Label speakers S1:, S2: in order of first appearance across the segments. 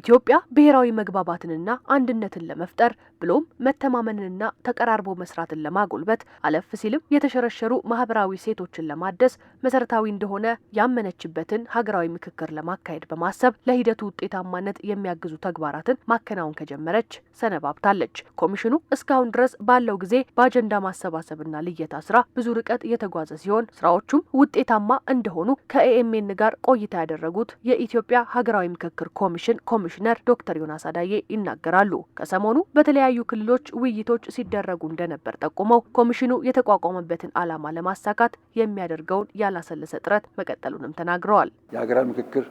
S1: ኢትዮጵያ ብሔራዊ መግባባትንና አንድነትን ለመፍጠር ብሎም መተማመንንና ተቀራርቦ መስራትን ለማጎልበት አለፍ ሲልም የተሸረሸሩ ማህበራዊ ሴቶችን ለማደስ መሰረታዊ እንደሆነ ያመነችበትን ሀገራዊ ምክክር ለማካሄድ በማሰብ ለሂደቱ ውጤታማነት የሚያግዙ ተግባራትን ማከናወን ከጀመረች ሰነባብታለች። ኮሚሽኑ እስካሁን ድረስ ባለው ጊዜ በአጀንዳ ማሰባሰብና ልየታ ስራ ብዙ ርቀት የተጓዘ ሲሆን ስራዎቹም ውጤታማ እንደሆኑ ከኤኤምኤን ጋር ቆይታ ያደረጉት የኢትዮጵያ ሀገራዊ ምክክር ኮሚሽን ኮሚሽነር ዶክተር ዮናስ አዳዬ ይናገራሉ። ከሰሞኑ በተለያዩ ክልሎች ውይይቶች ሲደረጉ እንደነበር ጠቁመው ኮሚሽኑ የተቋቋመበትን ዓላማ ለማሳካት የሚያደርገውን ያላሰለሰ ጥረት መቀጠሉንም ተናግረዋል።
S2: የሀገራዊ ምክክር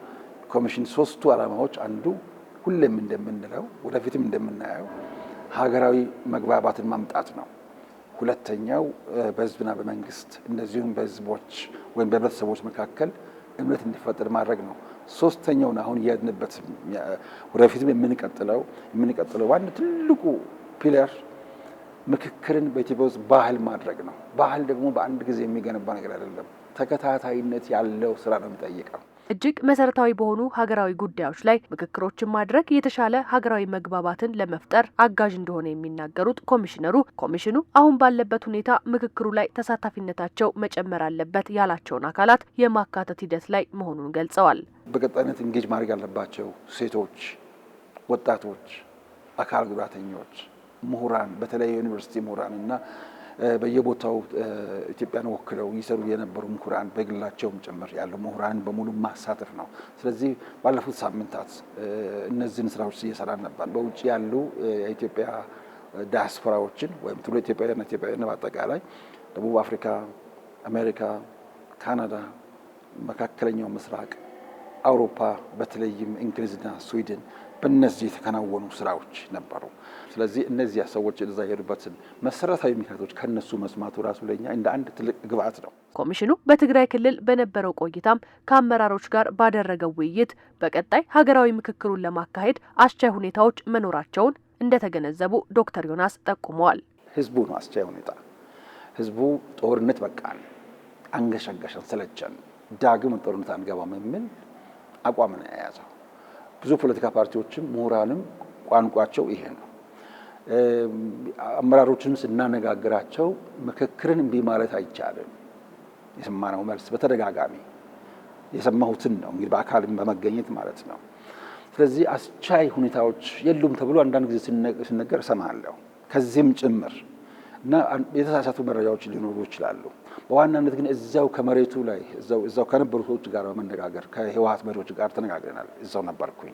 S2: ኮሚሽን ሶስቱ ዓላማዎች አንዱ ሁሌም እንደምንለው ወደፊትም እንደምናየው ሀገራዊ መግባባትን ማምጣት ነው። ሁለተኛው በህዝብና በመንግስት እንደዚሁም በህዝቦች ወይም በህብረተሰቦች መካከል እምነት እንዲፈጠር ማድረግ ነው። ሶስተኛውን አሁን እያድንበት ወደፊትም የምንቀጥለው የምንቀጥለው ዋን ትልቁ ፒለር ምክክርን በኢትዮጵያ ውስጥ ባህል ማድረግ ነው። ባህል ደግሞ በአንድ ጊዜ የሚገነባ ነገር አይደለም። ተከታታይነት ያለው ስራ ነው የሚጠይቀው።
S1: እጅግ መሰረታዊ በሆኑ ሀገራዊ ጉዳዮች ላይ ምክክሮችን ማድረግ የተሻለ ሀገራዊ መግባባትን ለመፍጠር አጋዥ እንደሆነ የሚናገሩት ኮሚሽነሩ ኮሚሽኑ አሁን ባለበት ሁኔታ ምክክሩ ላይ ተሳታፊነታቸው መጨመር አለበት ያላቸውን አካላት የማካተት ሂደት ላይ መሆኑን ገልጸዋል።
S2: በቀጣይነት እንጌጅ ማድረግ ያለባቸው ሴቶች፣ ወጣቶች፣ አካል ጉዳተኞች፣ ምሁራን በተለይ የዩኒቨርሲቲ ምሁራን እና በየቦታው ኢትዮጵያን ወክለው ይሰሩ የነበሩ ምሁራን በግላቸውም ጭምር ያሉ ምሁራን በሙሉ ማሳተፍ ነው። ስለዚህ ባለፉት ሳምንታት እነዚህን ስራዎች እየሰራን ነበር። በውጭ ያሉ የኢትዮጵያ ዲያስፖራዎችን ወይም ትውልደ ኢትዮጵያውያንና ኢትዮጵያውያን በአጠቃላይ ደቡብ አፍሪካ፣ አሜሪካ፣ ካናዳ፣ መካከለኛው ምስራቅ አውሮፓ በተለይም እንግሊዝና ስዊድን በእነዚህ የተከናወኑ ስራዎች ነበሩ። ስለዚህ እነዚያ ሰዎች እዛ ሄዱበትን መሰረታዊ ምክንያቶች ከነሱ መስማቱ ራሱ ለኛ እንደ አንድ ትልቅ ግብአት ነው።
S1: ኮሚሽኑ በትግራይ ክልል በነበረው ቆይታም ከአመራሮች ጋር ባደረገው ውይይት በቀጣይ ሀገራዊ ምክክሩን ለማካሄድ አስቻይ ሁኔታዎች መኖራቸውን እንደተገነዘቡ ዶክተር ዮናስ ጠቁመዋል።
S2: ህዝቡ ነው አስቻይ ሁኔታ። ህዝቡ ጦርነት በቃን፣ አንገሸገሸን፣ ሰለቸን፣ ዳግም ጦርነት አንገባም የሚል አቋም ነው የያዘው። ብዙ ፖለቲካ ፓርቲዎችም ምሁራንም ቋንቋቸው ይሄ ነው። አመራሮችንም ስናነጋግራቸው ምክክርን እምቢ ማለት አይቻልም። የሰማነው መልስ በተደጋጋሚ የሰማሁትን ነው እንግዲህ በአካል በመገኘት ማለት ነው። ስለዚህ አስቻይ ሁኔታዎች የሉም ተብሎ አንዳንድ ጊዜ ሲነገር እሰማለሁ ከዚህም ጭምር እና የተሳሳቱ መረጃዎች ሊኖሩ ይችላሉ። በዋናነት ግን እዚያው ከመሬቱ ላይ እዛው ከነበሩ ሰዎች ጋር በመነጋገር ከህወሀት መሪዎች ጋር ተነጋግረናል። እዛው ነበርኩኝ።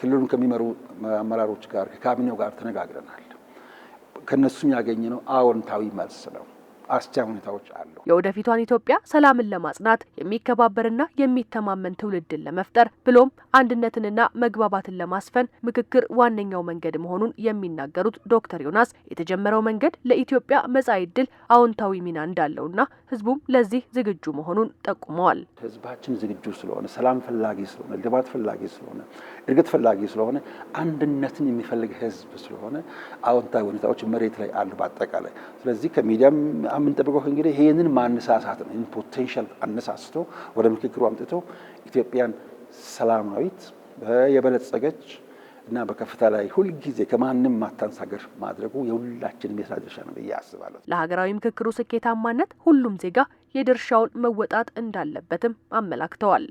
S2: ክልሉን ከሚመሩ አመራሮች ጋር ከካቢኔው ጋር ተነጋግረናል። ያገኘ ያገኘነው አዎንታዊ መልስ ነው። አስቻ ሁኔታዎች አሉ።
S1: የወደፊቷን ኢትዮጵያ ሰላምን ለማጽናት የሚከባበርና የሚተማመን ትውልድን ለመፍጠር ብሎም አንድነትንና መግባባትን ለማስፈን ምክክር ዋነኛው መንገድ መሆኑን የሚናገሩት ዶክተር ዮናስ የተጀመረው መንገድ ለኢትዮጵያ መጻኢ ዕድል አዎንታዊ ሚና እንዳለውና ህዝቡም ለዚህ ዝግጁ መሆኑን ጠቁመዋል።
S2: ህዝባችን ዝግጁ ስለሆነ፣ ሰላም ፈላጊ ስለሆነ፣ ልባት ፈላጊ ስለሆነ፣ እድገት ፈላጊ ስለሆነ፣ አንድነትን የሚፈልግ ህዝብ ስለሆነ አዎንታዊ ሁኔታዎች መሬት ላይ አሉ በአጠቃላይ ስለዚህ ከሚዲያም የምንጠብቀው እንግዲህ ይህንን ማነሳሳት ነው። ፖቴንሻል አነሳስቶ ወደ ምክክሩ አምጥቶ ኢትዮጵያን ሰላማዊት የበለጸገች እና በከፍታ ላይ ሁልጊዜ ከማንም ማታንስ ሀገር ማድረጉ የሁላችንም የስራ ድርሻ ነው ብዬ አስባለሁ።
S1: ለሀገራዊ ምክክሩ ስኬታማነት ሁሉም ዜጋ የድርሻውን መወጣት እንዳለበትም አመላክተዋል።